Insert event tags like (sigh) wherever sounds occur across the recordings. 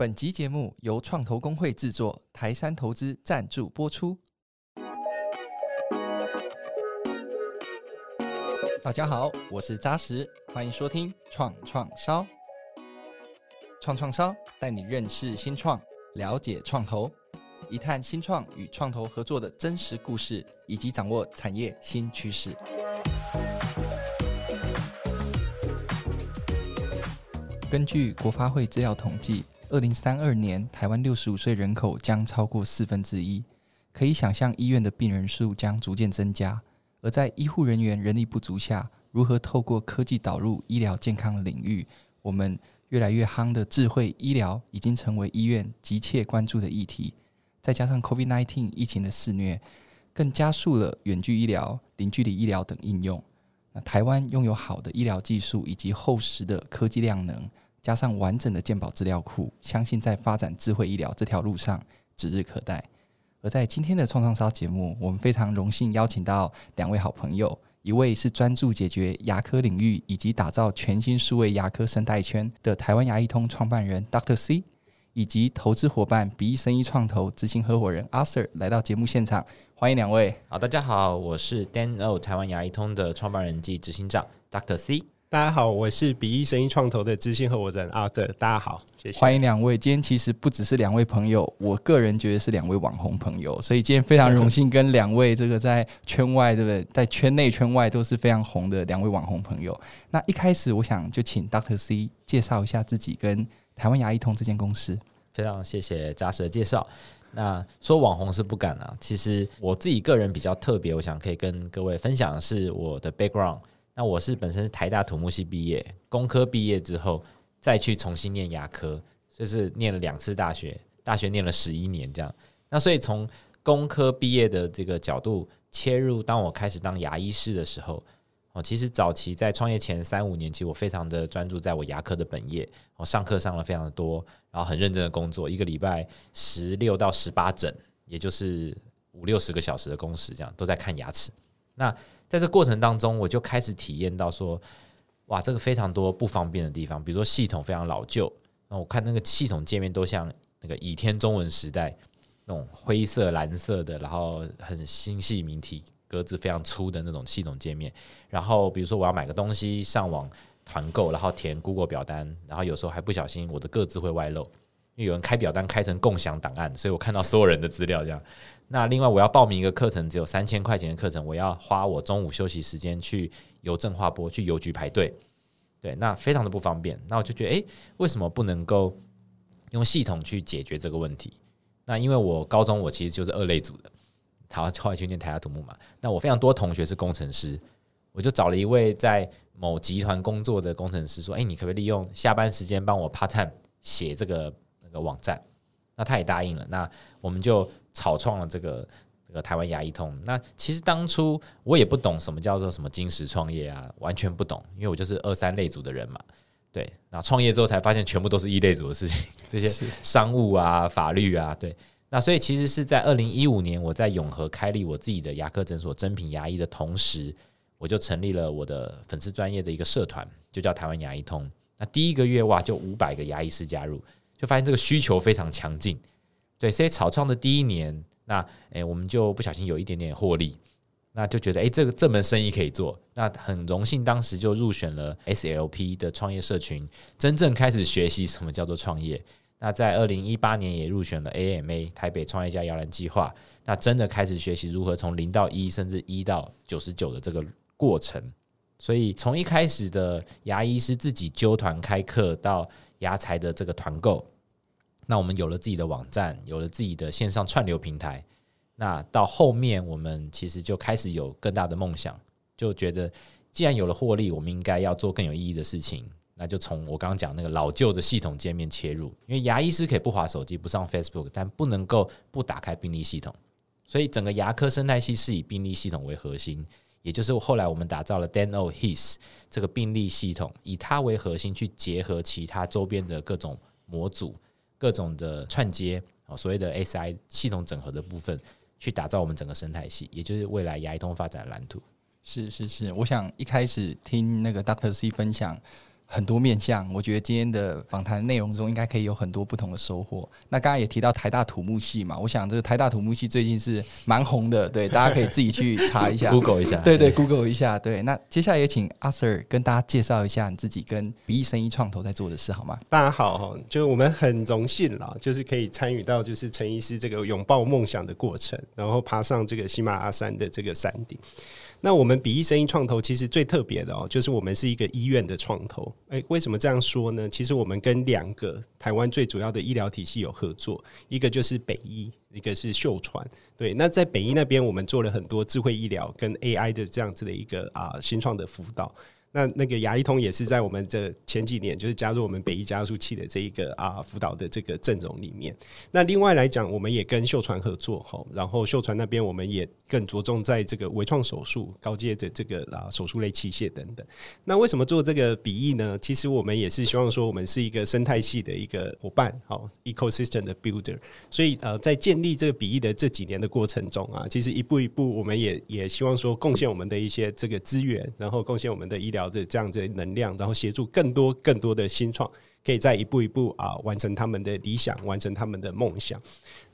本集節目由創投公會製作，台山投資贊助播出。大家好，我是扎實，歡迎收聽創創《創創燒》。創創燒帶你認識新創，了解創投，一探新創與創投合作的真實故事，以及掌握產業新趨勢。根據國發會資料統計。二零三二年，台灣六十五歲人口將超過四分之一，4, 可以想象醫院的病人數將逐漸增加。而在醫護人員人力不足下，如何透過科技導入醫療健康領域，我們越來越夯的智慧醫療已經成為醫院急切關注的議題。再加上 COVID-19 疫情的肆虐，更加速了遠距醫療、零距離醫療等應用。那台灣擁有好的醫療技術以及厚實的科技量能。加上完整的健保資料庫，相信在發展智慧醫療這條路上指日可待。而在今天的創創燒節目，我們非常榮幸邀請到兩位好朋友，一位是專注解決牙科領域以及打造全新數位牙科生態圈的台灣牙 e 通創辦人 Dr. C，以及投資夥伴比翼生醫創投執行合夥人 Arthur 來到節目現場，歡迎兩位。好，大家好，我是 Daniel，台灣牙 e 通的創辦人暨執行長 Dr. C。大家好，我是比翼生醫創投的執行合夥人 Arthur、啊、對，大家好，謝謝。歡迎兩位，今天其實不只是兩位朋友，我個人覺得是兩位網紅朋友，所以今天非常榮幸跟兩位這個在圈外，對不對？在圈內圈外都是非常紅的兩位網紅朋友。那一開始我想就請 Dr. C 介紹一下自己跟台灣牙 e 通這間公司。非常謝謝扎實的介紹。那說網紅是不敢了、啊，其實我自己個人比較特別，我想可以跟各位分享的是我的 background。那我是本身是台大土木系畢業，工科畢業之後，再去重新念牙科，就是念了兩次大學，大學念了十一年這樣。那所以從工科畢業的這個角度切入，當我開始當牙醫師的時候，我其實早期在創業前三五年，其實我非常的專注在我牙科的本業，我上課上了非常的多，然後很認真的工作，一個禮拜十六到十八整，也就是五六十個小時的工時，這樣都在看牙齒。那在這過程當中，我就開始體驗到說，哇，這個非常多不方便的地方，比如說系統非常老舊，然後我看那個系統界面都像那個倚天中文時代那種灰色、藍色的，然後很新細明體、格子非常粗的那種系統界面。然後比如說我要買個東西上網團購，然後填 Google 表單，然後有時候還不小心我的格子會外漏。因為有人開表單開成共享檔案，所以我看到所有人的資料這樣。那另外我要報名一個課程，只有三千塊錢的課程，我要花我中午休息時間去郵政劃撥，去郵局排隊，對，那非常的不方便。那我就覺得，哎，為什麼不能夠用系統去解決這個問題？那因為我高中我其實就是二類組的，好後來去念台大土木嘛。那我非常多同學是工程師，我就找了一位在某集團工作的工程師說，哎，你可不可以利用下班時間幫我 part time 寫這個？一個網站，那他也答應了，那我們就草創了這個這個台灣牙 e 通。那其實當初我也不懂什麼叫做什麼精實創業啊，完全不懂，因為我就是二三類組的人嘛，對。那創業之後才發現，全部都是一類組的事情，這些商務啊、法律啊，對。那所以其實是在二零一五年，我在永和開立我自己的牙科診所珍品牙醫的同時，我就成立了我的粉絲專業的一個社團，就叫台灣牙 e 通。那第一個月哇，就五百個牙醫師加入。就發現這個需求非常強勁，對，所以草創的第一年，那誒、欸、我們就不小心有一點點獲利，那就覺得哎、欸，這個這門生意可以做，那很榮幸當時就入選了 SLP 的創業社群，真正開始學習什麼叫做創業。那在二零一八年也入選了 AMA 台北創業家搖籃計劃，那真的開始學習如何從零到一，甚至一到九十九的這個過程。所以從一開始的牙醫師自己揪團開課到牙才的這個團購，那我們有了自己的網站，有了自己的線上串流平台，那到後面我們其實就開始有更大的夢想，就覺得既然有了獲利，我們應該要做更有意義的事情，那就從我剛剛講的那個老舊的系統界面切入，因為牙醫師可以不滑手機，不上 Facebook，但不能夠不打開病例系統，所以整個牙科生態系統是以病例系統為核心。也就是後來我們打造了 Dentall His 這個病例系統，以它為核心去結合其他周邊的各種模組、各種的串接啊，所謂的 SI 系統整合的部分，去打造我們整個生態系，也就是未來牙醫通發展的藍圖。是是是，我想一開始聽那個 Dr. C 分享，很多面向，我覺得今天的訪談的內容中應該可以有很多不同的收穫。那剛剛也提到台大土木系嘛，我想這個台大土木系最近是蠻紅的，對，大家可以自己去查一下 (laughs) ，Google 一下，對對,對，Google 一下。對， (laughs) 那接下來也請 Arthur 跟大家介紹一下你自己跟比翼生醫創投在做的事好嗎？大家好哈，就是我們很榮幸啦，就是可以參與到就是陳醫師這個擁抱夢想的過程，然後爬上這個喜馬拉雅山的這個山頂。那我們比翼生醫創投其實最特別的哦、喔，就是我們是一個醫院的創投。誒、欸，為什麼這樣說呢？其實我們跟兩個台灣最主要的醫療體系有合作，一個就是北醫，一個是秀傳。對，那在北醫那邊，我們做了很多智慧醫療跟 AI 的這樣子的一個啊新創的輔導。那那個牙 e 通也是在我們的前幾年，就是加入我們北醫加速器的這一個啊輔導的這個陣容裡面。那另外來講，我們也跟秀傳合作哈，然後秀傳那邊我們也更着重在這個微創手術、高階的這個啊手術類器械等等。那為什麼做這個比翼呢？其實我們也是希望說，我們是一個生態系的一個伙伴、e，好，ecosystem 的 builder。所以呃，在建立這個比翼的這幾年的過程中啊，其實一步一步，我們也也希望說貢獻我們的一些這個資源，然後貢獻我們的醫療。這樣子能量，然後協助更多更多的新創，可以再一步一步啊完成他們的理想，完成他們的夢想。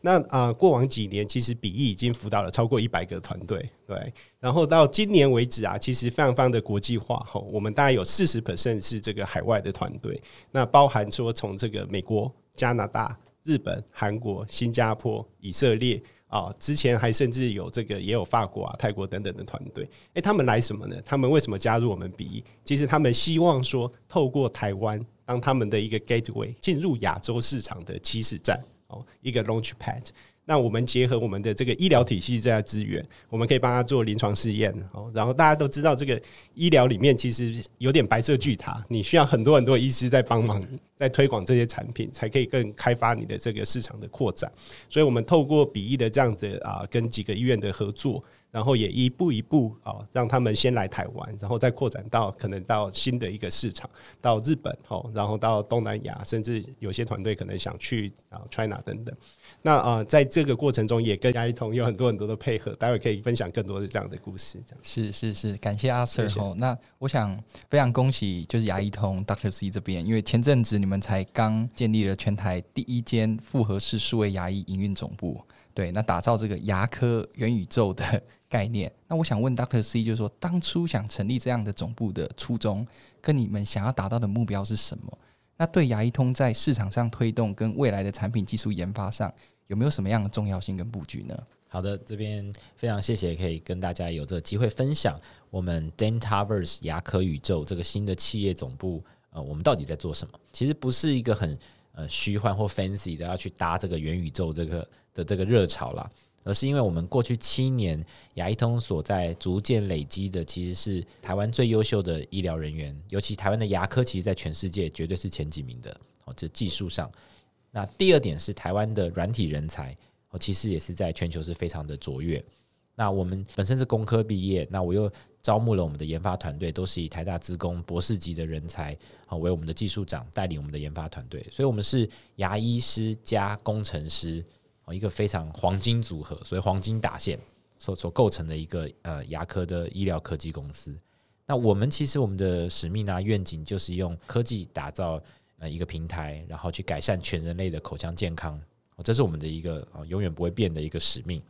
那啊，過往幾年其實比翼已經輔導了超過一百個團隊，對。然後到今年為止啊，其實非常非常的國際化吼，我們大概有四十 percent 是這個海外的團隊，那包含說從這個美國、加拿大、日本、韓國、新加坡、以色列。啊、哦，之前還甚至有這個，也有法國啊、泰國等等的團隊。哎、欸，他們來什麼呢？他們為什麼加入我們比翼？其實他們希望說，透過台灣當他們的一個 gateway 進入亞洲市場的起始站哦，一個 launch pad。那我們結合我們的這個醫療體系這些資源，我們可以幫他做臨床試驗哦。然後大家都知道，這個醫療裡面其實有點白色巨塔，你需要很多很多醫師在幫忙，在推廣這些產品，才可以更開發你的這個市場的擴展。所以，我們透過比翼的這樣子啊，跟幾個醫院的合作。然後也一步一步哦，讓他們先來台灣，然後再擴展到可能到新的一個市場，到日本哦，然後到東南亞，甚至有些團隊可能想去啊 China 等等。那啊，在這個過程中也跟牙 e 通有很多很多的配合，待會可以分享更多的這樣的故事。是是是，感謝阿 Sir 謝謝哦。那我想非常恭喜就是牙 e 通 Dr. C 這邊，因為前陣子你們才剛建立了全台第一間複合式數位牙醫營運總部，對，那打造這個牙科元宇宙的概念。那我想問 Dr. C，就是說，當初想成立這樣的總部的初衷，跟你們想要達到的目標是什麼？那對牙 e 通在市場上推動，跟未來的產品技術研發上，有沒有什麼樣的重要性跟布局呢？好的，這邊非常謝謝，可以跟大家有這個機會分享我們 Dentiverse 牙科宇宙這個新的企業總部。呃，我們到底在做什麼？其實不是一個很呃虛幻或 fancy 的，要去搭這個元宇宙這個的這個熱潮啦。而是因為我們過去七年，牙 e 通所在逐漸累積的，其實是台灣最優秀的醫療人員，尤其台灣的牙科，其實在全世界絕對是前幾名的。哦，這技術上。那第二點是台灣的軟體人才，哦，其實也是在全球是非常的卓越。那我們本身是工科畢業，那我又招募了我們的研發團隊，都是以台大資工博士級的人才啊為我們的技術長帶領我們的研發團隊，所以我們是牙醫師加工程師一個非常黃金組合，所謂黃金打線所所構成的一個呃牙科的醫療科技公司。那我們其實我們的使命啊願景就是用科技打造呃一個平台，然後去改善全人類的口腔健康。這是我們的一個、呃、永遠不會變的一個使命。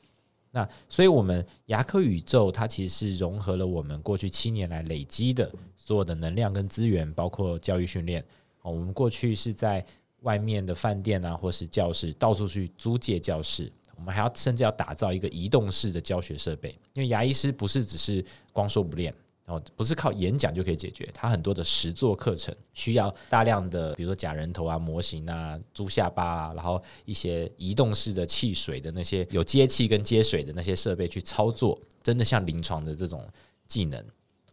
那所以我們牙科宇宙它其實是融合了我們過去七年來累積的所有的能量跟資源，包括教育訓練、呃，我們過去是在外面的飯店啊，或是教室，到處去租借教室。我們還要甚至要打造一個移動式的教學設備，因為牙醫師不是只是光說不練，然後不是靠演講就可以解決。他很多的實作課程需要大量的，比如說假人頭啊、模型啊、豬下巴啊，然後一些移動式的汽水的那些有接氣跟接水的那些設備去操作，真的像臨床的這種技能。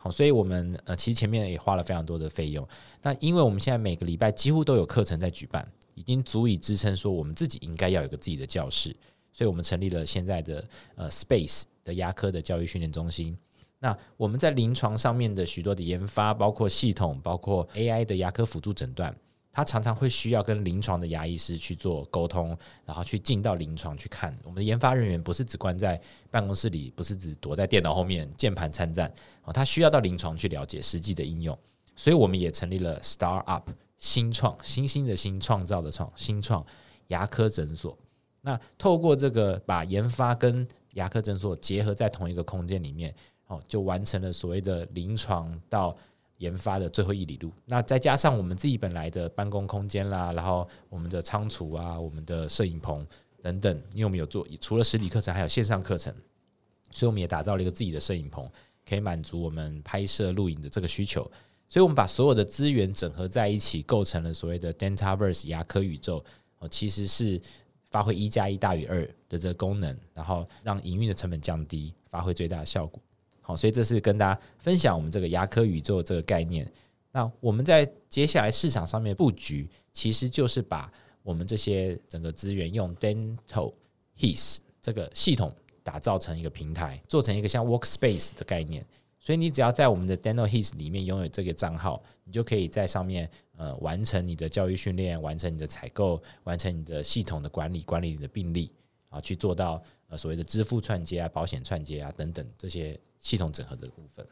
好，所以我們呃，其實前面也花了非常多的費用。那因為我們現在每個禮拜幾乎都有課程在舉辦，已經足以支撐說我們自己應該要有個自己的教室。所以我們成立了現在的呃 Space 的牙科的教育訓練中心。那我們在臨床上面的許多的研發，包括系統，包括 AI 的牙科輔助診斷。他常常會需要跟臨床的牙醫師去做溝通，然後去進到臨床去看。我們的研發人員不是只關在辦公室裡，不是只躲在電腦後面鍵盤參戰，哦，他需要到臨床去了解實際的應用。所以我們也成立了 Startup 新創新興的新創造的創新創牙科診所。那透過這個把研發跟牙科診所結合在同一個空間裡面，哦，就完成了所謂的臨床到。研發的最後一里路，那再加上我們自己本來的辦公空間啦，然後我們的倉儲啊，我們的攝影棚等等。因為我們有做除了實體課程，還有線上課程，所以我們也打造了一個自己的攝影棚，可以滿足我們拍攝、錄影的這個需求。所以，我們把所有的資源整合在一起，構成了所謂的 Dental Verse 牙科宇宙。哦，其實是發揮一加一大於二的這個功能，然後讓營運的成本降低，發揮最大的效果。好，所以這是跟大家分享我們這個牙科宇宙這個概念。那我們在接下來市場上面布局，其實就是把我們這些整個資源用 Dental His 這個系統打造成一個平台，做成一個像 Workspace 的概念。所以你只要在我們的 Dental His 裡面擁有這個賬號，你就可以在上面呃完成你的教育訓練，完成你的採購，完成你的系統的管理，管理你的病例，啊，去做到。所謂的支付串接啊、保險串接啊等等這些系統整合的部分，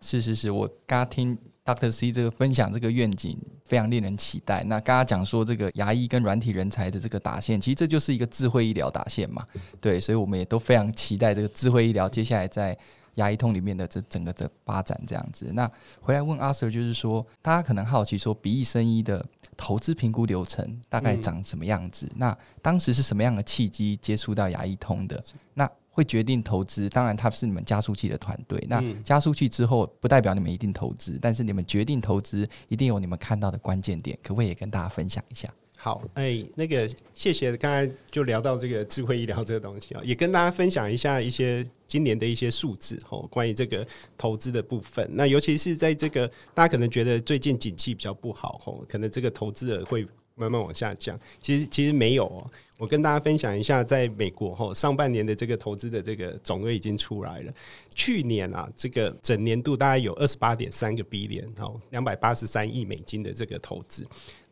是是是，我剛聽 Dr. C 這個分享這個願景非常令人期待。那剛剛講說這個牙醫跟軟體人才的這個打線，其實這就是一個智慧醫療打線嘛，對，所以我們也都非常期待這個智慧醫療接下來在牙 e 通裡面的這整個的發展這樣子。那回來問 Arthur，就是說大家可能好奇說，比翼生醫的。投資評估流程大概長什麼樣子？嗯、那當時是什麼樣的契機接觸到牙 e 通的？那會決定投資？當然，它是你們加速器的團隊。那加速器之後不代表你們一定投資，但是你們決定投資，一定有你們看到的關鍵點。可不可以也跟大家分享一下？好，哎、欸，那個，謝謝。剛才就聊到這個智慧醫療這個東西啊，也跟大家分享一下一些今年的一些數字哈，關於這個投資的部分。那尤其是在這個大家可能覺得最近景氣比較不好哈，可能這個投資額會慢慢往下降。其實其實沒有，我跟大家分享一下，在美國哈，上半年的這個投資的這個總額已經出來了。去年啊，這個整年度大概有二十八點三個 Billion，然後兩百八十三億美金的這個投資。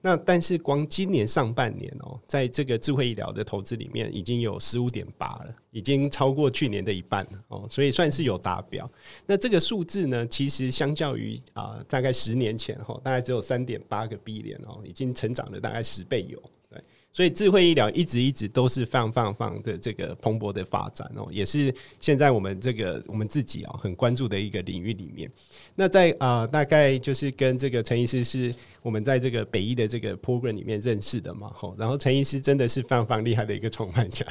那但是光今年上半年哦，在這個智慧醫療的投資裡面，已經有十五點八了，已經超過去年的一半了哦，所以算是有達標。那這個數字呢，其實相較於啊，大概十年前哈，大概只有三點八個 billion 哦，已經成長了大概十倍有。所以智慧醫療一直一直都是放放放的這個蓬勃的發展哦、喔，也是現在我們這個我們自己啊、喔、很關注的一個領域裡面。那在啊、呃、大概就是跟這個陳醫師是我們在這個北醫的這個 program 裡面認識的嘛吼，然後陳醫師真的是非常非常厲害的一個創辦家，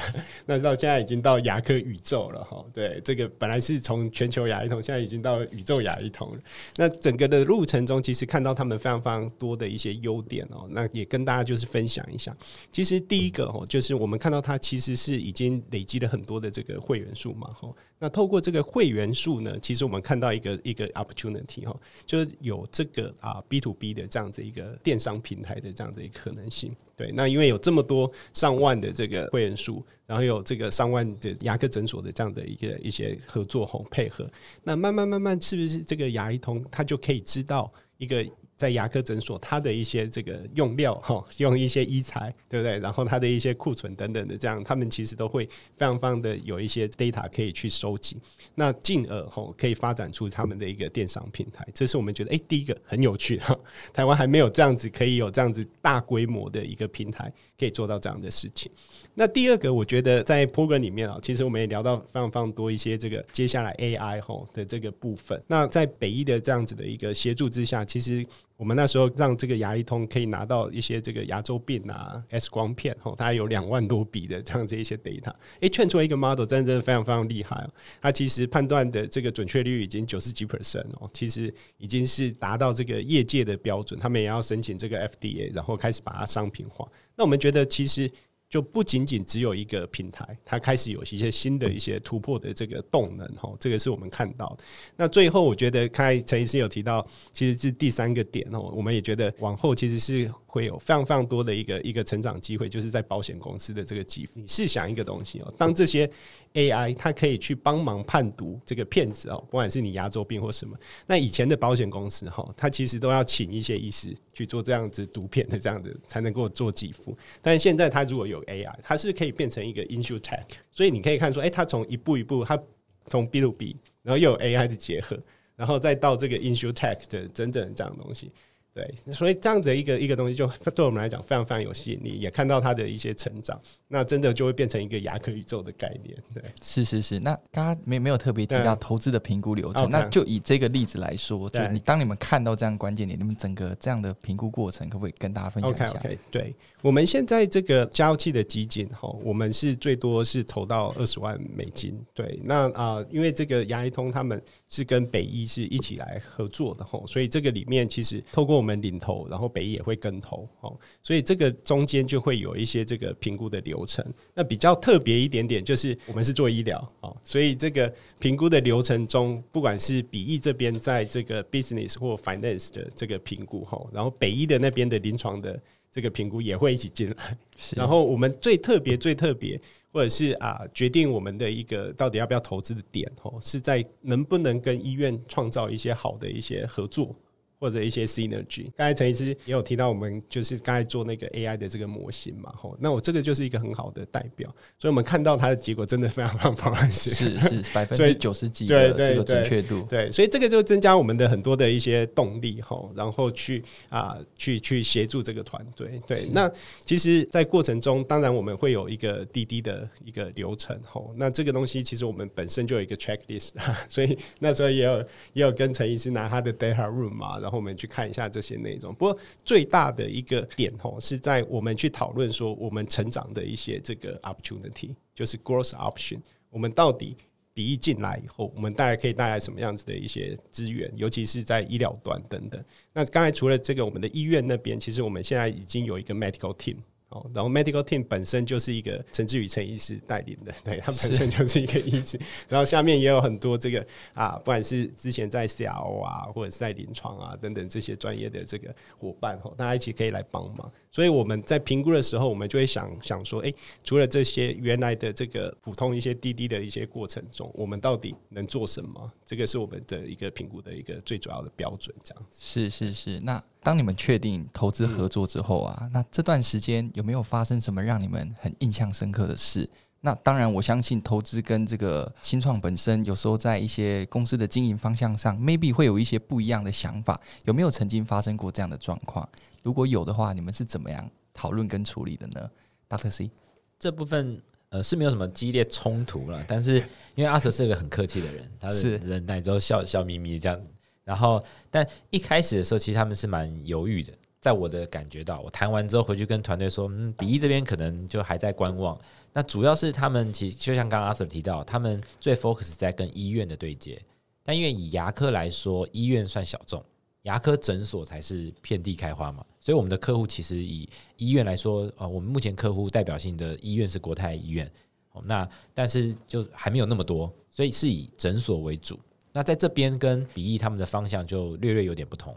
那到現在已經到牙科宇宙了哈、喔。對，這個本來是從全球牙 e 通現在已經到宇宙牙 e 通了。那整個的路程中，其實看到他們非常非常多的一些優點哦、喔，那也跟大家就是分享一下。其實第一個哦，就是我們看到它其實是已經累積了很多的這個會員數嘛，吼。那透過這個會員數呢，其實我們看到一個一個 opportunity 哈，就是有這個啊 B to B 的這樣子一個電商平台的這樣的一個可能性。對，那因為有這麼多上萬的這個會員數，然後有這個上萬的牙科診所的這樣的一個一些合作和配合，那慢慢慢慢，是不是這個牙 e 通它就可以知道一個？在牙科診所，它的一些這個用料哈、喔，用一些醫材，對不對？然後它的一些庫存等等的，這樣他們其實都會非常非常的有一些 data 可以去收集，那進而哈、喔、可以發展出他們的一個電商平台。這是我們覺得誒，第一個很有趣哈、喔，台灣還沒有這樣子可以有這樣子大規模的一個平台可以做到這樣的事情。那第二個，我覺得在 program 裡面啊、喔，其實我們也聊到非常非常多一些這個接下來 AI 哈、喔、的這個部分。那在北醫的這樣子的一個協助之下，其實。我們那時候讓這個牙 e 通可以拿到一些這個牙周病啊 X 光片哦，它有兩萬多筆的這樣這一些 data，哎，訓練出來一個 model，真的真的非常非常厲害哦。它其實判斷的這個準確率已經九十幾 percent 哦，其實已經是達到這個業界的標準。他們也要申請這個 FDA，然後開始把它商品化。那我們覺得其實。就不僅僅只有一個平台，它開始有一些新的一些突破的這個動能哈，這個是我們看到的。那最後，我覺得剛才陳醫師有提到，其實是第三個點哦，我們也覺得往後其實是會有非常非常多的一個一個成長機會，就是在保險公司的這個機會。你試想一個東西哦，當這些。AI，它可以去幫忙判讀這個片子哦、喔，不管是你牙周病或什麼。那以前的保險公司哈，它其實都要請一些醫師去做這樣子讀片的這樣子，才能夠做給付。但是現在它如果有 AI，它是可以變成一個 Insure Tech，所以你可以看出，哎，它從一步一步，它從 B to B，然後又有 AI 的結合，然後再到這個 Insure Tech 的真正的這樣的東西。對，所以這樣子的一個一個東西，就對我們來講非常非常有吸引力，也看到它的一些成長，那真的就會變成一個牙科宇宙的概念。對，是是是。那剛剛沒沒有特別提到投資的評估流程，對。那就以這個例子來說，Okay. 就你當你們看到這樣關鍵點，對。你們整個這樣的評估過程，可不可以跟大家分享一下？Okay, okay, 對，我們現在這個交易器的基金哈，我們是最多是投到二十萬美金。對，那啊、呃，因為這個牙 e 通他們是跟北醫是一起來合作的哈，所以這個裡面其實透過。我們領投，然後北醫也會跟投哦，所以這個中間就會有一些這個評估的流程。那比較特別一點點，就是我們是做醫療哦，所以這個評估的流程中，不管是比翼這邊在這個 business 或 finance 的這個評估哈、哦，然後北醫的那邊的臨床的這個評估也會一起進來。是然後我們最特別、最特別，或者是啊，決定我們的一個到底要不要投資的點哦，是在能不能跟醫院創造一些好的一些合作。或者一些 synergy，剛才陳醫師也有提到，我們就是剛才做那個 AI 的這個模型嘛，吼，那我這個就是一個很好的代表，所以我們看到它的結果真的非常非常棒，是是百分之九十幾的這個準確度，對對對對，對，所以這個就增加我們的很多的一些動力，吼，然後去啊去去協助這個團隊，對，是那其實，在過程中，當然我們會有一個滴滴的一個流程，吼，那這個東西其實我們本身就有一個 checklist，所以那時候也有也有跟陳醫師拿他的 data room 啊，然後。我們去看一下這些內容。不過最大的一個點吼，是在我們去討論說我們成長的一些這個 opportunity，就是 growth option。我們到底比翼進來以後，我們大概可以帶來什麼樣子的一些資源，尤其是在醫療端等等。那剛才除了這個，我們的醫院那邊，其實我們現在已經有一個 medical team。哦，然後 medical team 本身就是一個陳志宇陳醫師帶領的，對，他本身就是一個醫師，是然後下面也有很多這個啊，不管是之前在 CRO 啊，或者是在臨床啊等等這些專業的這個夥伴，吼、哦，大家一起可以來幫忙。所以我們在評估的時候，我們就會想想說，誒、欸，除了這些原來的這個普通一些滴滴的一些過程中，我們到底能做什麼？這個是我們的一個評估的一個最主要的標準。這樣子。是是是。那當你們確定投資合作之後啊，嗯、那這段時間有沒有發生什麼讓你們很印象深刻的事？那當然，我相信投資跟這個新創本身有時候在一些公司的經營方向上，maybe 會有一些不一樣的想法。有沒有曾經發生過這樣的狀況？如果有的話，你們是怎麼樣討論跟處理的呢？Dr. C，這部分呃是沒有什麼激烈衝突啦，但是因為 Arthur 是一個很客氣的人，他是忍耐之後笑是笑眯眯這樣。然後，但一開始的時候，其實他們是蠻猶豫的。在我的感覺到，我談完之後回去跟團隊說，嗯，比翼這邊可能就還在觀望。那主要是他們其實就像剛剛 Arthur 提到，他們最 focus 在跟醫院的對接，但因為以牙科來說，醫院算小眾。牙科診所才是遍地開花嘛，所以我們的客戶其實以醫院來說，呃，我們目前客戶代表性的醫院是國泰醫院，哦，那但是就還沒有那麼多，所以是以診所為主。那在這邊跟比翼他們的方向就略略有點不同，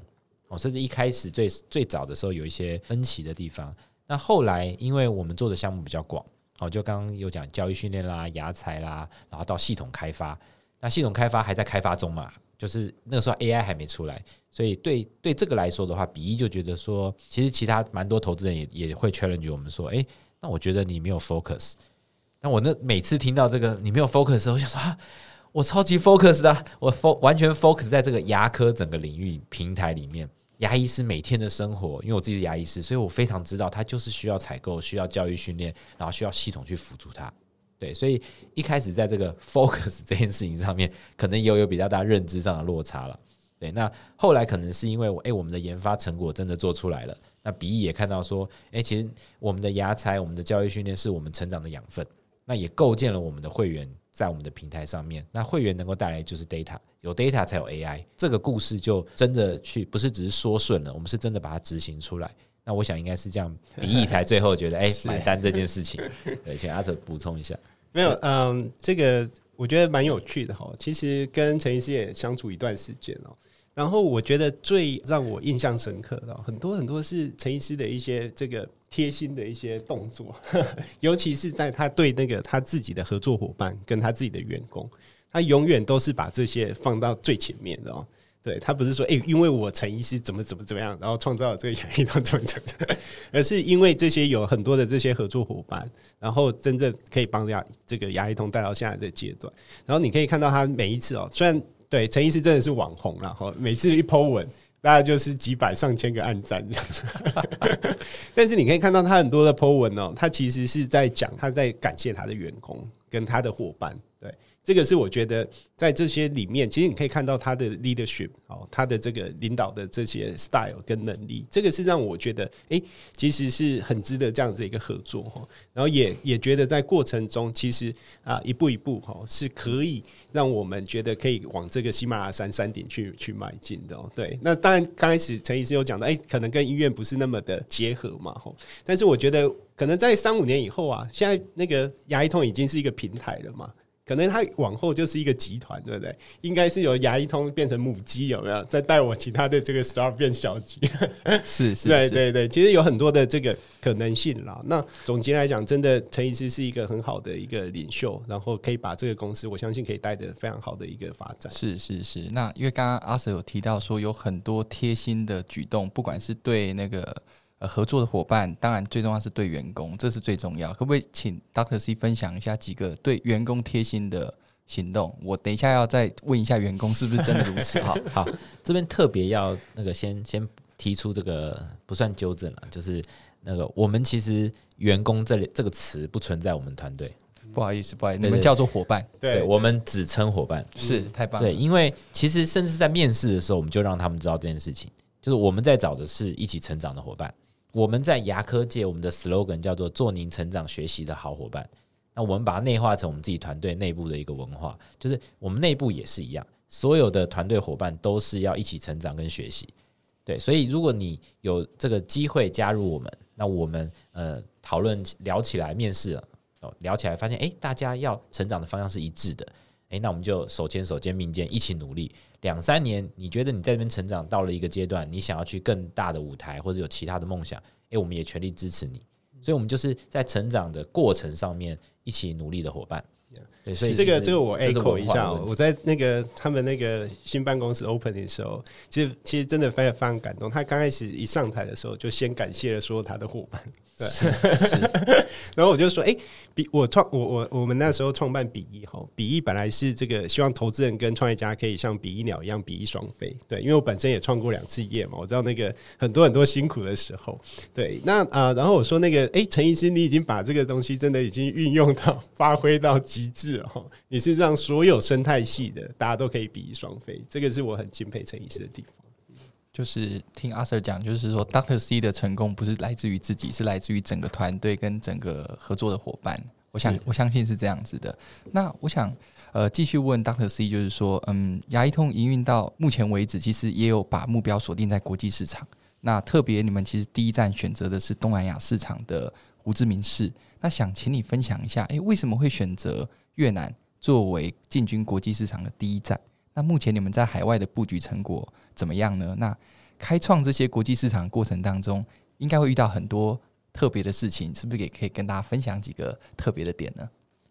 哦，甚至一開始最最早的時候有一些分歧的地方。那後來因為我們做的項目比較廣，哦，就剛剛有講教育訓練啦、牙材啦，然後到系統開發，那系統開發還在開發中嘛。就是那個時候 AI 還沒出來，所以對，對這個來說的話，比翼就覺得說，其實其他蠻多投資人也也會 challenge 我們說，哎、欸，那我覺得你沒有 focus。但我那每次聽到這個你沒有 focus，我想說，啊，我超級 focus 的，啊，我 f o 完全 focus 在這個牙科整個領域平台裡面，牙醫師每天的生活，因為我自己是牙醫師，所以我非常知道，他就是需要採購、需要教育訓練，然後需要系統去輔助他。對，所以一開始在這個 focus 這件事情上面，可能也有比較大認知上的落差了。對，那後來可能是因為我、欸，我們的研發成果真的做出來了，那比翼也看到說，誒、欸，其實我們的牙才、我們的教育訓練是我們成長的養分，那也構建了我們的會員在我們的平台上面，那會員能夠帶來就是 data，有 data 才有 AI，這個故事就真的去不是只是說順了，我們是真的把它執行出來。那我想應該是這樣，比翼才最後覺得哎、 (laughs) 欸，買單這件事情。是 (laughs) 對，請阿哲補充一下。沒有，嗯，這個我覺得蠻有趣的哦。其實跟陳醫師也相處一段時間哦，然後我覺得最讓我印象深刻的，很多很多是陳醫師的一些這個貼心的一些動作，尤其是在他對那個他自己的合作夥伴跟他自己的員工，他永遠都是把這些放到最前面的哦。對他不是說誒、欸，因為我陳醫師怎麼怎麼怎麼樣，然後創造了這個牙 e 通，怎麼怎麼，而是因為這些有很多的這些合作夥伴，然後真正可以幫下這個牙 e 通帶到現在的階段。然後你可以看到他每一次哦，雖然對陳醫師真的是網紅啦，然後每次一 po 文，大家就是幾百上千個按讚這樣子。 (laughs) 但是你可以看到他很多的 po 文哦，他其實是在講他在感謝他的員工跟他的夥伴。這個是我覺得在這些裡面，其實你可以看到他的 leadership 哦，他的這個領導的這些 style 跟能力，這個是讓我覺得哎、欸，其實是很值得這樣子一個合作哈。然後也也覺得在過程中，其實啊一步一步哈，是可以讓我們覺得可以往這個喜馬拉雅山山頂去去邁進的。對，那當然剛開始陳醫師有講到，哎、欸，可能跟醫院不是那麼的結合嘛哈。但是我覺得可能在三五年以後啊，現在那個牙 e 通已經是一個平台了嘛。可能他往後就是一個集團，對不對？應該是由牙 e 通變成母雞，有沒有？再帶我其他的這個 star 變小雞 (laughs) ？是是，對對對，其實有很多的這個可能性啦。那總結來講，真的陳醫師是一個很好的一個領袖，然後可以把這個公司，我相信可以帶得非常好的一個發展。是是是，那因為剛剛 Arthur 有提到說，有很多貼心的舉動，不管是對那個。合作的夥伴，當然最重要是對員工，這是最重要。可不可以請 Dr. C 分享一下幾個對員工貼心的行動？我等一下要再問一下員工是不是真的如此？哈， (laughs) 好，這邊特別要那個先先提出這個不算糾正了，就是那個我們其實員工這裡這個詞不存在，我們團隊、嗯、不好意思，不好意思，我們叫做夥伴，對,對,對,對，我們只稱夥伴，嗯、是太棒了。對，因為其實甚至在面試的時候，我們就讓他們知道這件事情，就是我們在找的是一起成長的夥伴。我們在牙科界，我們的 slogan 叫做“做您成長學習的好夥伴”。那我們把它內化成我們自己團隊內部的一個文化，就是我們內部也是一樣，所有的團隊夥伴都是要一起成長跟學習。對，所以如果你有這個機會加入我們，那我們呃討論聊起來，面試了哦聊起來發現，哎、欸，大家要成長的方向是一致的。誒，那我們就手牽手、肩併肩一起努力。兩三年，你覺得你在這邊成長到了一個階段，你想要去更大的舞台或者有其他的夢想？誒，我們也全力支持你。所以，我們就是在成長的過程上面一起努力的夥伴。對，所以這個這個我 echo 一下、哦，我在那個他們那個新辦公室 open 的時候，其實其實真的非常非常感動。他剛開始一上台的時候，就先感謝了所有他的伙伴。對， (laughs) 然後我就說，哎，比我創我我我們那時候創辦比翼哈、哦，比翼本來是這個希望投資人跟創業家可以像比翼鳥一樣比翼雙飛。對，因為我本身也創過兩次業嘛，我知道那個很多很多辛苦的時候。對，那啊、呃，然後我說那個，哎，陳醫師，你已經把這個東西真的已經運用到發揮到極。一致哦，也是讓所有生態系的大家都可以比翼雙飛，這個是我很敬佩陳醫師的地方。就是聽 Arthur 講，就是說 Dr. C 的成功不是來自於自己，是來自於整個團隊跟整個合作的伙伴。我想是我相信是這樣子的。那我想呃繼續問 Dr. C，就是說，嗯，牙 e 通營運到目前為止，其實也有把目標鎖定在國際市場。那特別你們其實第一站選擇的是東南亞市場的胡志明市。那想請你分享一下，欸，為什麼會選擇越南作為進軍國際市場的第一站？那目前你們在海外的布局成果怎麼樣呢？那開創這些國際市場的過程當中，應該會遇到很多特別的事情，是不是也可以跟大家分享幾個特別的點呢？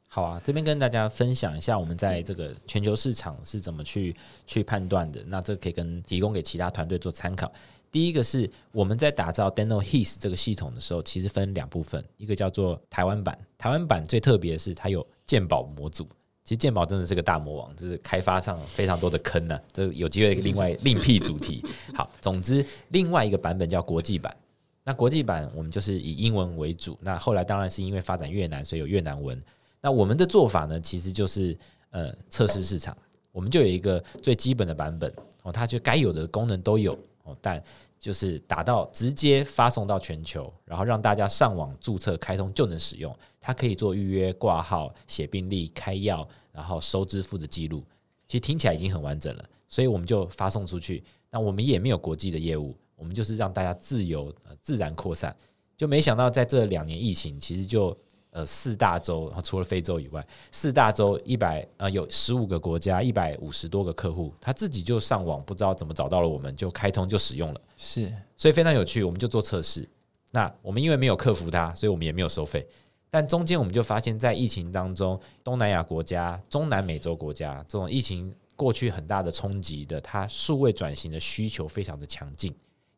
好啊，這邊跟大家分享一下，我們在這個全球市場是怎麼去去判斷的。那這可以跟提供給其他團隊做參考。第一個是我們在打造 Dentall HIS 這個系統的時候，其實分兩部分，一個叫做台灣版。台灣版最特別的是它有健保模組，其實健保真的是個大魔王，就是開發上非常多的坑呢、啊。這有機會另外另闢主題。好，總之另外一個版本叫國際版。那國際版我們就是以英文為主。那後來當然是因為發展越南，所以有越南文。那我們的做法呢，其實就是呃測試市場，我們就有一個最基本的版本，哦，它就該有的功能都有。哦，但就是打到直接發送到全球，然後讓大家上網註冊開通就能使用。它可以做預約掛號、寫病歷、開藥，然後收支付的記錄。其實聽起來已經很完整了，所以我們就發送出去。那我們也沒有國際的業務，我們就是讓大家自由，自然擴散。就沒想到在這兩年疫情，其實就。呃，四大洲，除了非洲以外，四大洲一百啊、呃，有十五個國家，一百五十多個客戶，他自己就上網不知道怎麼找到了，我們就開通就使用了，是，所以非常有趣，我們就做測試。那我們因為沒有客服他，所以我們也沒有收費。但中間我們就發現，在疫情當中，東南亞國家、中南美洲國家這種疫情過去很大的衝擊的，它數位轉型的需求非常的強勁，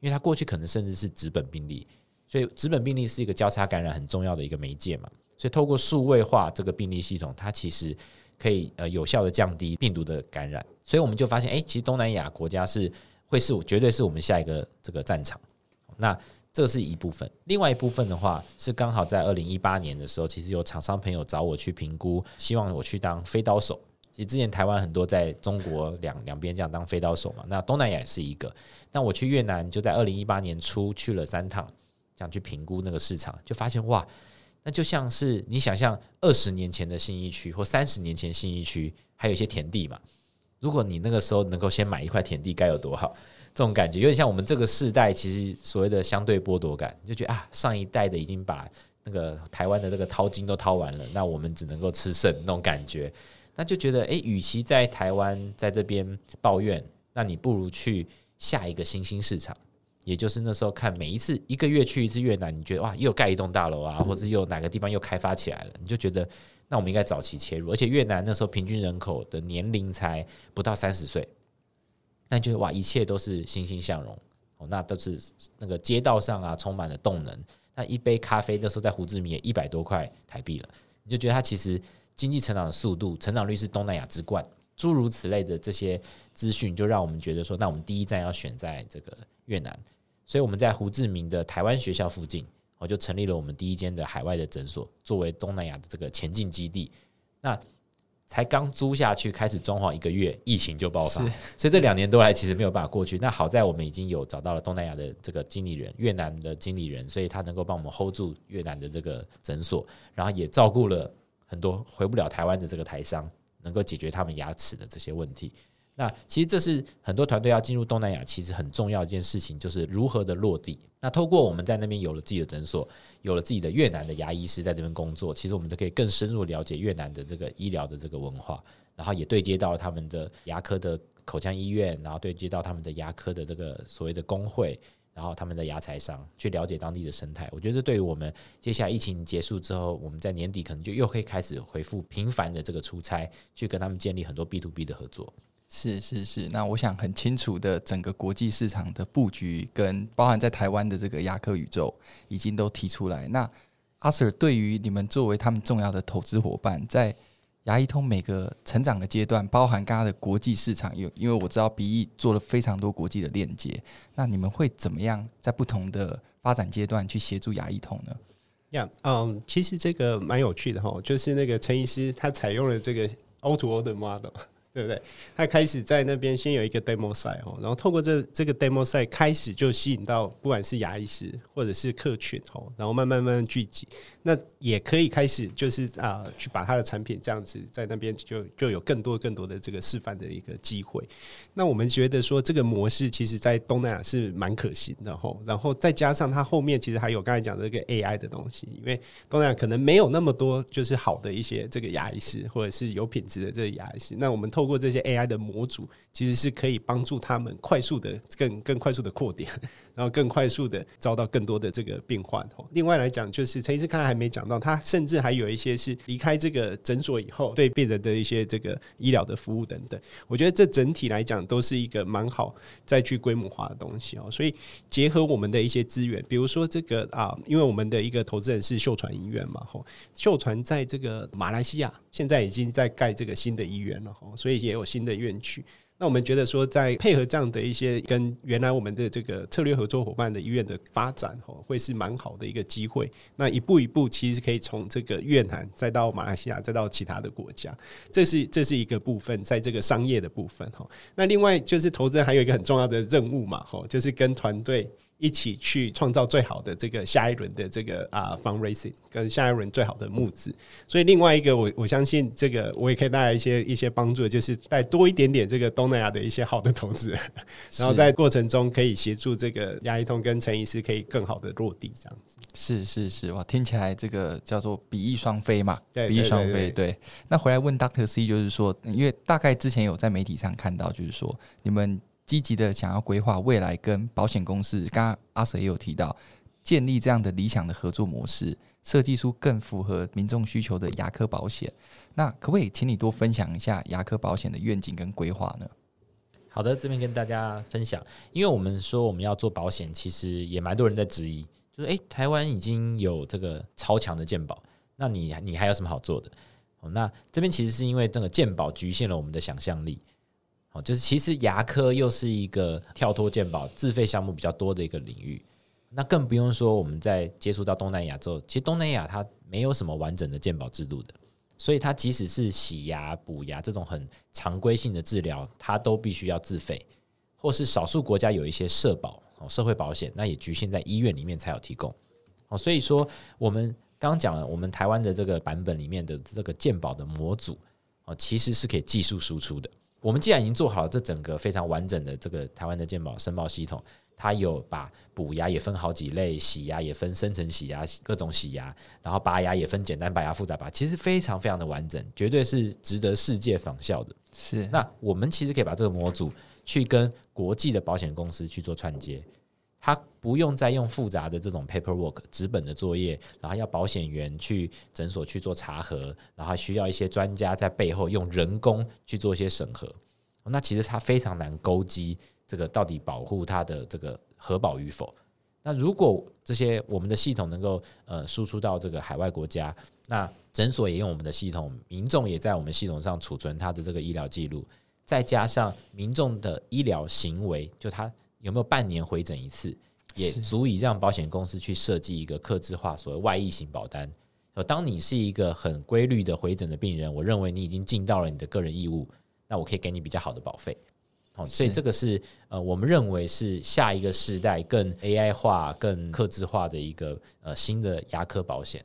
因為它過去可能甚至是紙本病歷，所以紙本病歷是一個交叉感染很重要的一個媒介嘛。所以，透過數位化這個病例系統，它其實可以呃有效地降低病毒的感染。所以我們就發現，哎、欸，其實東南亞國家是會是絕對是我們下一個這個戰場。那這是一部分，另外一部分的話是剛好在二零一八年的時候，其實有廠商朋友找我去評估，希望我去當飛刀手。其實之前台灣很多在中國兩兩邊這樣當飛刀手嘛，那東南亞也是一個。那我去越南，就在二零一八年初去了三趟，想去評估那個市場，就發現哇。那就像是你想象二十年前的信義區，或三十年前信義區，還有一些田地嘛。如果你那個時候能夠先買一塊田地，該有多好！這種感覺有點像我們這個世代，其實所謂的相對剝奪感，就覺得啊，上一代的已經把那個台灣的這個淘金都淘完了，那我們只能夠吃剩那種感覺。那就覺得，哎、欸，與其在台灣在這邊抱怨，那你不如去下一個新興市場。也就是那時候看每一次一個月去一次越南，你覺得哇，又蓋一棟大樓啊，或是又哪個地方又開發起來了，你就覺得那我們應該早期切入，而且越南那時候平均人口的年齡才不到三十歲，那就是哇，一切都是欣欣向榮哦，那都是那個街道上啊充滿了動能。那一杯咖啡那時候在胡志明也一百多塊台幣了，你就覺得它其實經濟成長的速度、成長率是東南亞之冠，諸如此類的這些資訊，就讓我們覺得說，那我們第一站要選在這個越南。所以我們在胡志明的台灣學校附近，我就成立了我們第一間的海外的診所，作為東南亞的這個前進基地。那才剛租下去，開始裝潢一個月，疫情就爆發。是 所以這兩年多來，其實沒有辦法過去。那好在我們已經有找到了東南亞的這個經理人，越南的經理人，所以他能夠幫我們 hold 住越南的這個診所，然後也照顧了很多回不了台灣的這個台商，能夠解決他們牙齒的這些問題。那其實這是很多團隊要進入東南亞其實很重要的一件事情，就是如何的落地。那透過我們在那邊有了自己的診所，有了自己的越南的牙醫師在這邊工作，其實我們就可以更深入了解越南的這個醫療的這個文化，然後也對接到他們的牙科的口腔醫院，然後對接到他們的牙科的這個所謂的工會，然後他們的牙材商去了解當地的生態。我覺得這對於我們接下來疫情結束之後，我們在年底可能就又可以開始回復頻繁的這個出差，去跟他們建立很多 B to B 的合作。是是是，那我想很清楚的，整個國際市場的布局跟包含在台灣的這個牙科宇宙已經都提出來。那 Arthur，對於你們作為他們重要的投資夥伴，在牙 e 通每個成長的階段，包含跟他的國際市場，有因為我知道比翼做了非常多國際的鏈接，那你們會怎麼樣在不同的發展階段去協助牙 e 通呢？呀嗯，yeah, um, 其實這個蠻有趣的哈，就是那個陳醫師他採用了這個 O to O 的 model。對不對？他開始在那邊先有一個 demo site 哦，然後透過這這個 demo site 開始就吸引到不管是牙醫師或者是客群哦，然後慢慢慢慢聚集，那也可以開始就是啊、呃、去把他的產品這樣子在那邊就就有更多更多的這個示範的一個機會。那我們覺得說這個模式其實，在東南亞是蠻可行的哦，然後再加上他後面其實還有剛才講的這個 AI 的東西，因為東南亞可能沒有那麼多就是好的一些這個牙醫師或者是有品質的這個牙醫師，那我們透如果這些 AI 的模組，其實是可以幫助他們快速的更、更更快速的擴點。然後更快速的招到更多的這個病患哦。另外來講，就是陳醫生剛才還沒講到，他甚至還有一些是離開這個診所以後對病人的一些這個醫療的服務等等。我覺得這整體來講都是一個蠻好再去規模化的東西哦。所以結合我們的一些資源，比如說這個啊，因為我們的一個投資人是秀傳醫院嘛，吼，秀傳在這個馬來西亞現在已經在蓋這個新的醫院了，吼，所以也有新的院區。那我們覺得說，在配合這樣的一些跟原來我們的這個策略合作夥伴的醫院的發展，哈，會是蠻好的一個機會。那一步一步，其實可以從這個越南，再到馬來西亞，再到其他的國家，這是這是一個部分，在這個商業的部分，哈。那另外就是投資人還有一個很重要的任務嘛，哈，就是跟團隊。一起去創造最好的這個下一輪的這個啊、uh，fund raising 跟下一輪最好的募資。所以另外一個我，我我相信這個我也可以帶來一些一些幫助，就是帶多一點點這個東南亞的一些好的投資，是然後在過程中可以協助這個牙 e 通跟陳醫師可以更好的落地這樣子。是是是，哇，聽起來這個叫做比翼雙飛嘛？對，比翼雙飛。對，對，對，對，對。那回來問 Dr. C，就是說，因為大概之前有在媒體上看到，就是說你們。積極的想要規劃未來，跟保險公司，剛剛 Arthur 也有提到，建立這樣的理想的合作模式，設計出更符合民眾需求的牙科保險。那可不可以請你多分享一下牙科保險的願景跟規劃呢？好的，這邊跟大家分享，因為我們說我們要做保險，其實也蠻多人在質疑，就是誒，台灣已經有這個超強的健保，那你你還有什麼好做的？哦，那這邊其實是因為這個健保局限了我們的想象力。就是其實牙科又是一個跳脫健保自費項目比較多的一個領域，那更不用說我們在接觸到東南亞之後，其實東南亞它沒有什麼完整的健保制度的，所以它即使是洗牙、補牙這種很常規性的治療，它都必須要自費，或是少數國家有一些社保社會保險，那也局限在醫院裡面才有提供哦。所以說，我們剛剛講了，我們台灣的這個版本裡面的這個健保的模組哦，其實是可以技術輸出的。我們既然已經做好了這整個非常完整的這個台灣的健保申報系統，它有把補牙也分好幾類，洗牙也分深層洗牙、各種洗牙，然後拔牙也分簡單拔牙、複雜拔，其實非常非常的完整，絕對是值得世界仿效的。是那我們其實可以把這個模組去跟國際的保險公司去做串接。他不用再用複雜的這種 paperwork 紙本的作業，然後要保險員去診所去做查核，然後需要一些專家在背後用人工去做一些審核。那其實他非常難勾稽，這個到底保護它的這個核保與否。那如果這些我們的系統能夠呃輸出到這個海外國家，那診所也用我們的系統，民眾也在我們系統上儲存他的這個醫療記錄，再加上民眾的醫療行為，就他。有沒有半年回診一次，也足以讓保險公司去設計一個客製化所謂外溢型保單。當你是一個很規律的回診的病人，我認為你已經盡到了你的個人義務，那我可以給你比較好的保費。是所以這個是呃，我們認為是下一個世代更 AI 化、更客製化的一個呃新的牙科保險，解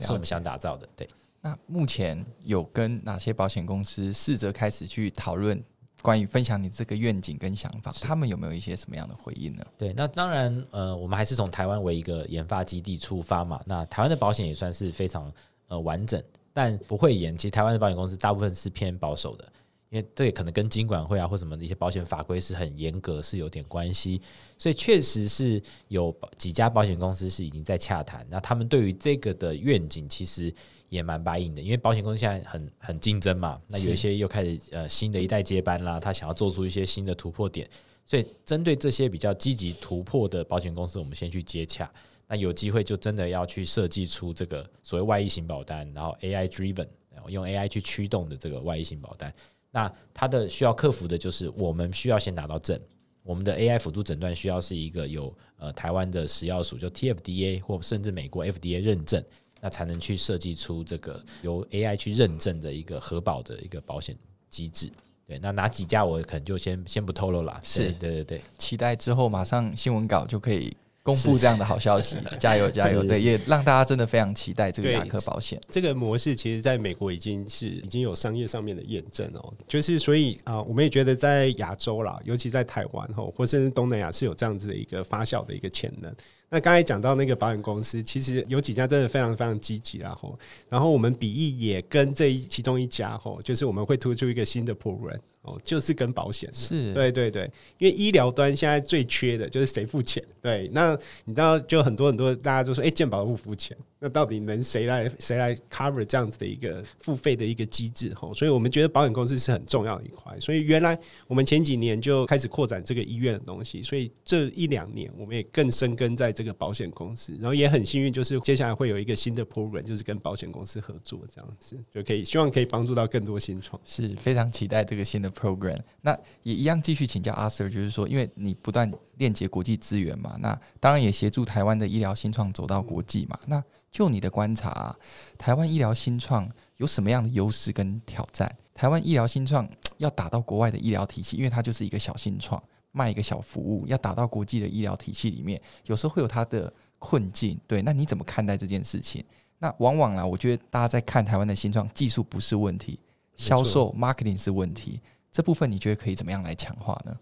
是我們想打造的。對，那目前有跟哪些保險公司試着開始去討論？關於分享你這個願景跟想法，是他們有沒有一些什麼樣的回應呢？對，那當然，呃，我們還是從台灣為一個研發基地出發嘛。那台灣的保險也算是非常呃完整，但不會延，其實台灣的保險公司大部分是偏保守的。因為這也可能跟金管會啊或什麼的一些保險法規是很嚴格，是有點關係，所以確實是有幾家保險公司是已經在洽談。那他們對於這個的願景其實也蠻 buy in 的，因為保險公司現在很很競爭嘛，那有一些又開始是呃新的一代接班啦，他想要做出一些新的突破點，所以針對這些比較積極突破的保險公司，我們先去接洽。那有機會就真的要去設計出這個所謂外溢型保單，然後 AI driven，然後用 AI 去驅動的這個外溢型保單。那它的需要克服的就是，我們需要先拿到證，我們的 AI 輔助診斷需要是一個有呃台灣的食藥署就 TFDA 或甚至美國 FDA 認證，那才能去設計出這個由 AI 去認證的一個核保的一個保險機制。對，那哪幾家我可能就先先不透露啦。是，對對對，對，對，對，期待之後馬上新聞稿就可以。公佈這樣的好消息，加油是是 加油！加油是是是對，也讓大家真的非常期待這個牙科保險。這個模式其實，在美國已經是已經有商業上面的驗證哦。就是所以啊、呃，我們也覺得在亞洲啦，尤其在台灣吼、哦，或甚至東南亞是有這樣子的一個發酵的一個潛能。那剛才講到那個保險公司，其實有幾家真的非常非常積極啊！吼、哦，然後我們比翼也跟這其中一家吼、哦，就是我們會推出一個新的 program。哦，就是跟保險是對對對，因為醫療端現在最缺的就是誰付錢。對，那你知道，就很多很多大家都說，哎，健保不付錢，那到底能誰來誰來 cover 這樣子的一個付費的一個機制？哈、哦，所以我們覺得保險公司是很重要的一塊。所以原來我們前幾年就開始擴展這個醫院的東西，所以這一兩年我們也更深耕在這個保險公司，然後也很幸運，就是接下來會有一個新的 program，就是跟保險公司合作這樣子就可以，希望可以幫助到更多新創，是非常期待這個新的。program 那也一樣，繼續請教 Arthur，就是說，因為你不斷鏈接國際資源嘛，那當然也協助台灣的醫療新創走到國際嘛。那就你的觀察、啊，台灣醫療新創有什麼樣的優勢跟挑戰？台灣醫療新創要打到國外的醫療體系，因為它就是一個小新創，賣一個小服務，要打到國際的醫療體系裡面，有時候會有它的困境。對，那你怎麼看待這件事情？那往往呢、啊，我覺得大家在看台灣的新創，技術不是問題，銷售 marketing 是問題。這部分你覺得可以怎麼樣來強化呢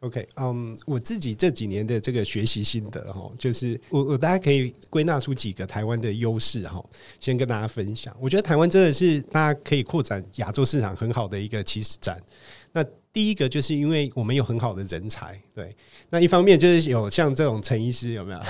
？OK，嗯，um，我自己這幾年的這個學習心得哈，就是我我大家可以歸納出幾個台灣的優勢哈，先跟大家分享。我覺得台灣真的是大家可以擴展亞洲市場很好的一個起始站。那第一個就是因為我們有很好的人才，對，那一方面就是有像這種陳醫師有沒有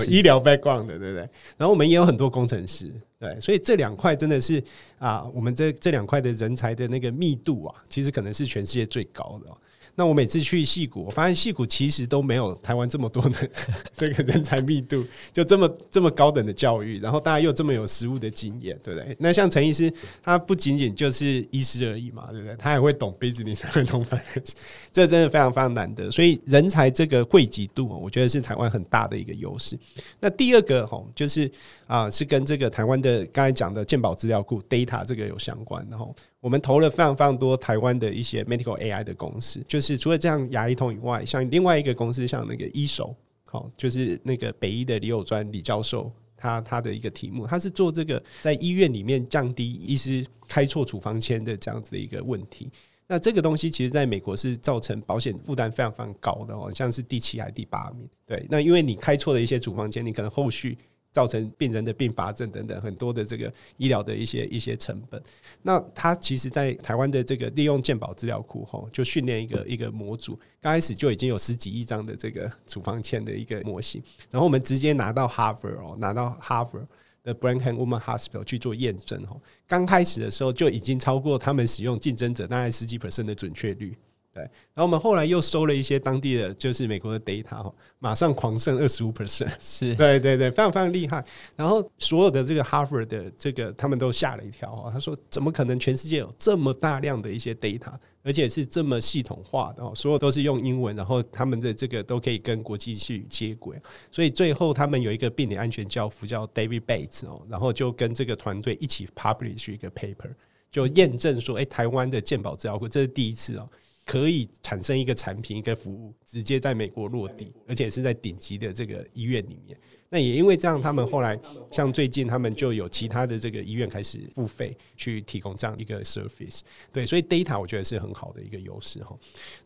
(laughs) 有醫療 background 的，是的對不對？然後我們也有很多工程師，對，所以這兩塊真的是啊，我們這這兩塊的人才的那個密度啊，其實可能是全世界最高的。那我每次去矽谷，我發現矽谷其實都沒有台灣這麼多的這個人才密度，就這麼這麼高等的教育，然後大家又這麼有實務的經驗，對不對？那像陳醫師，他不僅僅就是醫師而已嘛，對不對？他也會懂 business，也會懂 finance，這真的非常非常難得。所以人才這個匯集度，我覺得是台灣很大的一個優勢。那第二個吼，就是啊、呃，是跟這個台灣的剛才講的健保資料庫 data 這個有相關的吼。我們投了非常非常多台灣的一些 medical AI 的公司，就是除了這樣牙 e 通以外，像另外一個公司，像那個醫守，好，就是那個北醫的李友專李教授，他他的一個題目，他是做這個在醫院裡面降低醫師開錯處方箋的這樣子的一個問題。那這個東西其實，在美國是造成保險負擔非常非常高的哦，像是第七還是第八名，對，那因為你開錯了一些處方箋，你可能後續。造成病人的併發症等等很多的這個醫療的一些一些成本。那它其實，在台灣的這個利用健保資料庫吼，就訓練一個一個模組，剛開始就已經有十幾億張的這個處方簽的一個模型。然後我們直接拿到哈佛哦，拿到哈佛的 Brigham and Women Hospital 去做驗證吼，剛開始的時候就已經超過他們使用競爭者大概十幾 PERCENT 的準確率。對，然後我們後來又收了一些當地的就是美國的 data 哦，馬上狂升二十五 percent，是，對對對，非常非常厲害。然後所有的這個哈佛的這個他們都嚇了一跳啊、哦，他說怎麼可能全世界有這麼大量的一些 data，而且是這麼系統化的、哦，所有都是用英文，然後他們的這個都可以跟國際去接軌。所以最後他們有一個病理安全教父叫 David Bates 哦，然後就跟這個團隊一起 publish 一個 paper，就驗證說，哎，台灣的健保資料庫這是第一次、哦可以產生一個產品、一個服務，直接在美國落地，而且是在頂級的這個醫院裡面。那也因為這樣，他們後來像最近，他們就有其他的這個醫院開始付費去提供這樣一個 service。對，所以 data 我覺得是很好的一個優勢哈。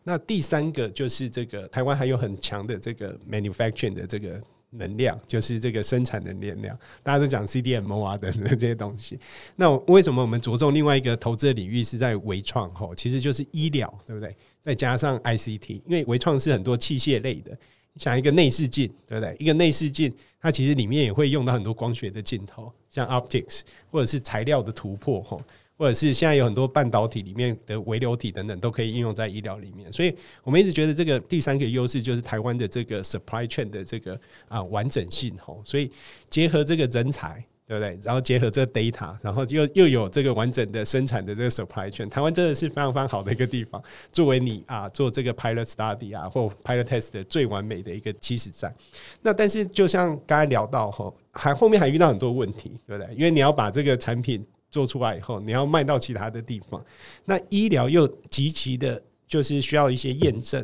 那第三個就是這個台灣還有很強的這個 manufacturing 的這個。能量就是這個生產能量，大家都講 CDMO 啊等等這些東西。那為什麼我們着重另外一個投資的領域是在微創？哈，其實就是醫療，對不對？再加上 ICT，因為微創是很多器械類的。你像一個內視鏡，對不對？一個內視鏡，它其實裡面也會用到很多光學的鏡頭，像 Optics 或者是材料的突破，哈。或者是現在有很多半導體裡面的微流體、等等都可以應用在醫療裡面，所以我們一直覺得這個第三個優勢就是台灣的這個 supply chain 的這個啊完整性吼，所以結合這個人才對不對？然後結合這個 data，然後又又有這個完整的生產的這個 supply chain，台灣真的是非常非常好的一個地方，作為你啊做這個 pilot study 啊或 pilot test 的最完美的一個起始站。那但是就像剛才聊到吼，還後面還遇到很多問題，對不對？因為你要把這個產品做出來以後，你要賣到其他的地方，那醫療又極其的，就是需要一些驗證，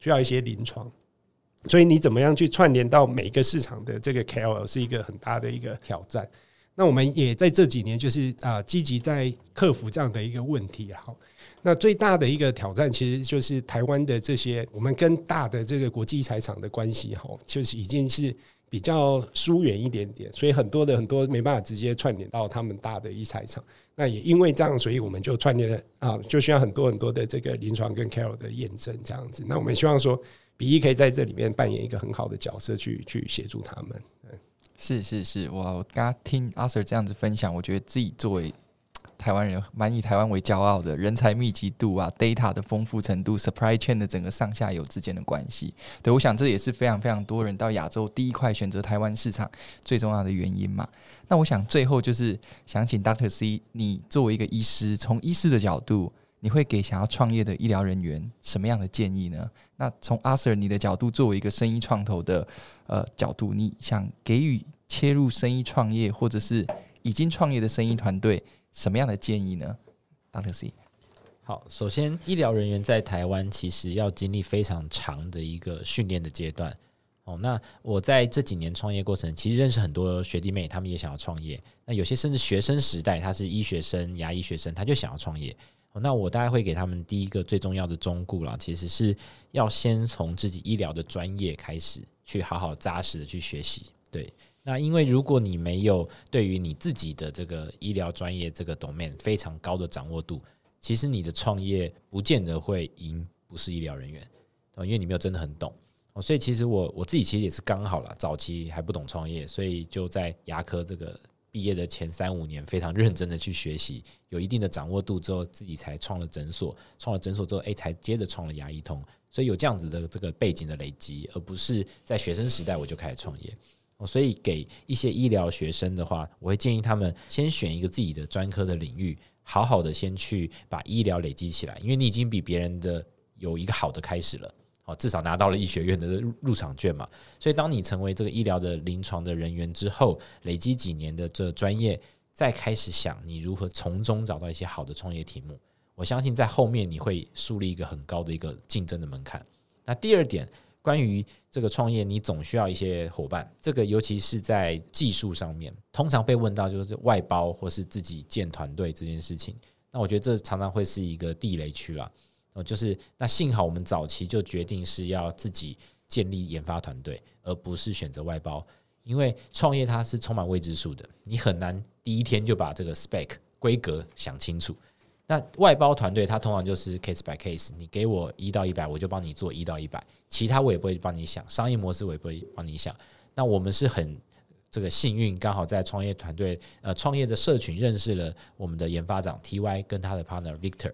需要一些臨床，所以你怎麼樣去串聯到每個市場的這個 KOL 是一個很大的一個挑戰。那我們也在這幾年，就是啊，積極在克服這樣的一個問題。哈，那最大的一個挑戰其實就是台灣的這些，我們跟大的這個國際財產的關係，哈，就是已經是。比較疏遠一點點，所以很多的很多沒辦法直接串聯到他們大的一材廠。那也因為這樣，所以我們就串聯了啊，就需要很多很多的這個臨床跟 care 的驗證這樣子。那我們希望說，鼻翼可以在這裡面扮演一個很好的角色去，去去協助他們。嗯，是是是，我剛聽阿 Sir 這樣子分享，我覺得自己作為。台灣人蠻以台灣為驕傲的，人才密集度啊，data 的豐富程度，supply chain 的整個上下游之間的關係，對我想這也是非常非常多人到亞洲第一塊選擇台灣市場最重要的原因嘛。那我想最後就是想請 Dr. C，你作為一個醫師，從醫師的角度，你會給想要創業的醫療人員什麼樣的建議呢？那從 Arthur 你的角度，作為一個生醫創投的呃角度，你想給予切入生醫創業，或者是已經創業的生醫團隊？什麼樣的建議呢 Dr. C？好，首先，醫療人員在台灣其實要經歷非常長的一個訓練的階段。哦，那我在這幾年創業過程，其實認識很多學弟妹，他們也想要創業。那有些甚至學生時代，他是醫學生、牙醫學生，他就想要創業。那我大概會給他們第一個最重要的忠告啦，其實是要先從自己醫療的專業開始，去好好扎實的去學習。對。那因為如果你沒有對於你自己的這個醫療專業這個 domain 非常高的掌握度，其實你的創業不見得會贏。不是醫療人員，啊，因為你沒有真的很懂。所以其實我我自己其實也是剛好啦，早期還不懂創業，所以就在牙科這個畢業的前三五年非常認真的去學習，有一定的掌握度之後，自己才創了診所，創了診所之後，誒、欸，才接着創了牙醫通，所以有這樣子的這個背景的累積，而不是在學生時代我就開始創業。所以，給一些醫療學生的話，我會建議他們先選一個自己的專科的領域，好好的先去把醫療累積起來。因為你已經比別人的有一個好的開始了，哦，至少拿到了醫學院的入場券嘛。所以，當你成為這個醫療的臨床的人員之後，累積幾年的這專業，再開始想你如何從中找到一些好的創業題目。我相信，在後面你會樹立一個很高的一個競爭的門檻。那第二點。關於這個創業，你總需要一些夥伴。這個尤其是在技術上面，通常被問到就是外包或是自己建團隊這件事情。那我覺得這常常會是一個地雷區啦。呃，就是那幸好我們早期就決定是要自己建立研發團隊，而不是選擇外包，因為創業它是充滿未知數的，你很難第一天就把這個 spec 規格想清楚。那外包團隊，他通常就是 case by case，你給我一到一百，我就幫你做一到一百，其他我也不會幫你想，商業模式我也不會幫你想。那我們是很這個幸運，剛好在創業團隊呃創業的社群認識了我們的研發長 TY 跟他的 partner Victor，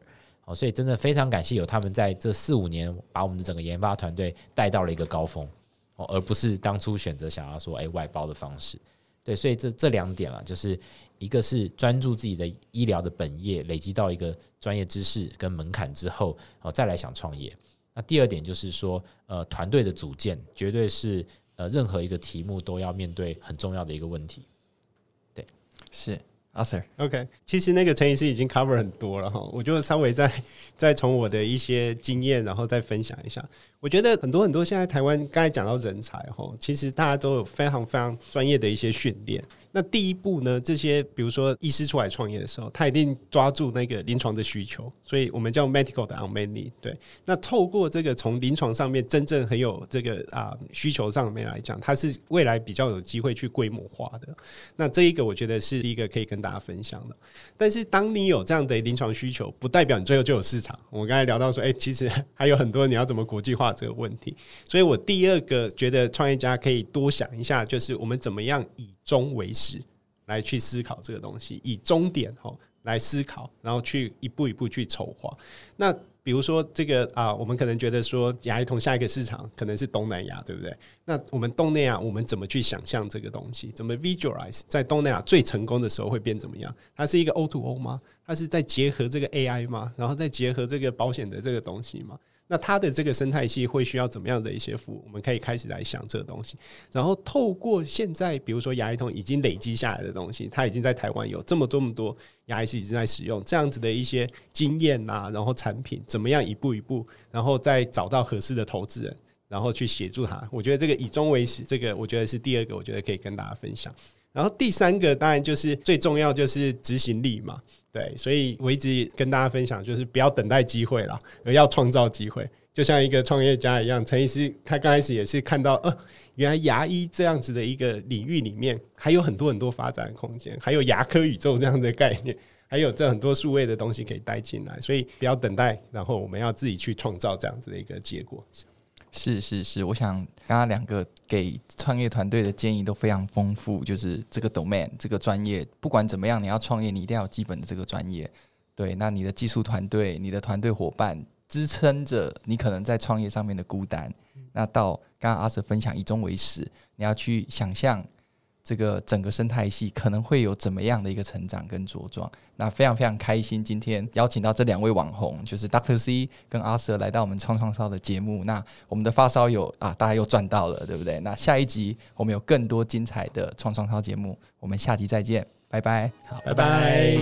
所以真的非常感謝有他們在這四五年把我們的整個研發團隊帶到了一個高峰，而不是當初選擇想要說誒、欸、外包的方式。對，所以這這兩點啊，就是。一個是專注自己的醫療的本業，累積到一個專業知識跟門檻之後，然、哦、後再來想創業。那第二點就是說，呃，團隊的組建絕對是呃任何一個題目都要面對很重要的一個問題。對，是，阿 Sir，OK。其實那個陳醫師已經 cover 很多了哈，我就稍微再再從我的一些經驗，然後再分享一下。我覺得很多很多，現在台灣剛才講到人才哦，其實大家都有非常非常專業的一些訓練。那第一步呢，這些比如說醫師出來創業的時候，他一定抓住那個臨床的需求，所以我們叫 medical 的 unmany。對，那透過這個從臨床上面真正很有這個啊需求上面來講，它是未來比較有機會去規模化的。那這一個我覺得是第一個可以跟大家分享的。但是當你有這樣的臨床需求，不代表你最後就有市場。我剛才聊到說，哎，其實還有很多你要怎麼國際化。這個問題，所以我第二個覺得，創業家可以多想一下，就是我們怎麼樣以終為始來去思考這個東西，以終點吼來思考，然後去一步一步去籌劃。那比如說這個啊，我們可能覺得說，牙 e 通下一個市場可能是東南亞，對不對？那我們東南亞，我們怎麼去想象這個東西？怎麼 visualize 在東南亞最成功的時候會變怎麼樣？它是一個 O2O o 嗎？它是在結合這個 AI 嗎？然後再結合這個保險的這個東西嗎？那它的這個生態系會需要怎麼樣的一些服務？我們可以開始來想這個東西。然後透過現在，比如說牙 e 通已經累積下來的東西，它已經在台灣有這麼這麼多牙醫師已經在使用這樣子的一些經驗啊，然後產品怎麼樣一步一步，然後再找到合適的投資人，然後去協助他。我覺得這個以終為始，這個我覺得是第二個，我覺得可以跟大家分享。然後第三個當然就是最重要就是執行力嘛，對，所以我一直跟大家分享就是不要等待機會了，而要創造機會，就像一個創業家一樣。陳醫師他剛開始也是看到，呃、哦，原來牙醫這樣子的一個領域裡面還有很多很多發展的空間，還有牙科宇宙這樣的概念，還有這很多數位的東西可以帶進來，所以不要等待，然後我們要自己去創造這樣子的一個結果。是是是，我想剛剛兩個給創業團隊的建議都非常豐富，就是這個 domain 這個專業，不管怎麼樣，你要創業，你一定要有基本的這個專業。對，那你的技術團隊、你的團隊夥伴，支撐着你可能在創業上面的孤單。嗯、那到剛剛阿 Sir 分享以終為始，你要去想象。這個整個生態系可能會有怎麼樣的一個成長跟茁壯？那非常非常開心，今天邀請到這兩位網紅，就是 Dr. C 跟 Arthur 來到我們創創燒的節目。那我們的發燒友啊，大家又賺到了，對不對？那下一集我們有更多精彩的創創燒節目，我們下集再見，拜拜，好，拜拜。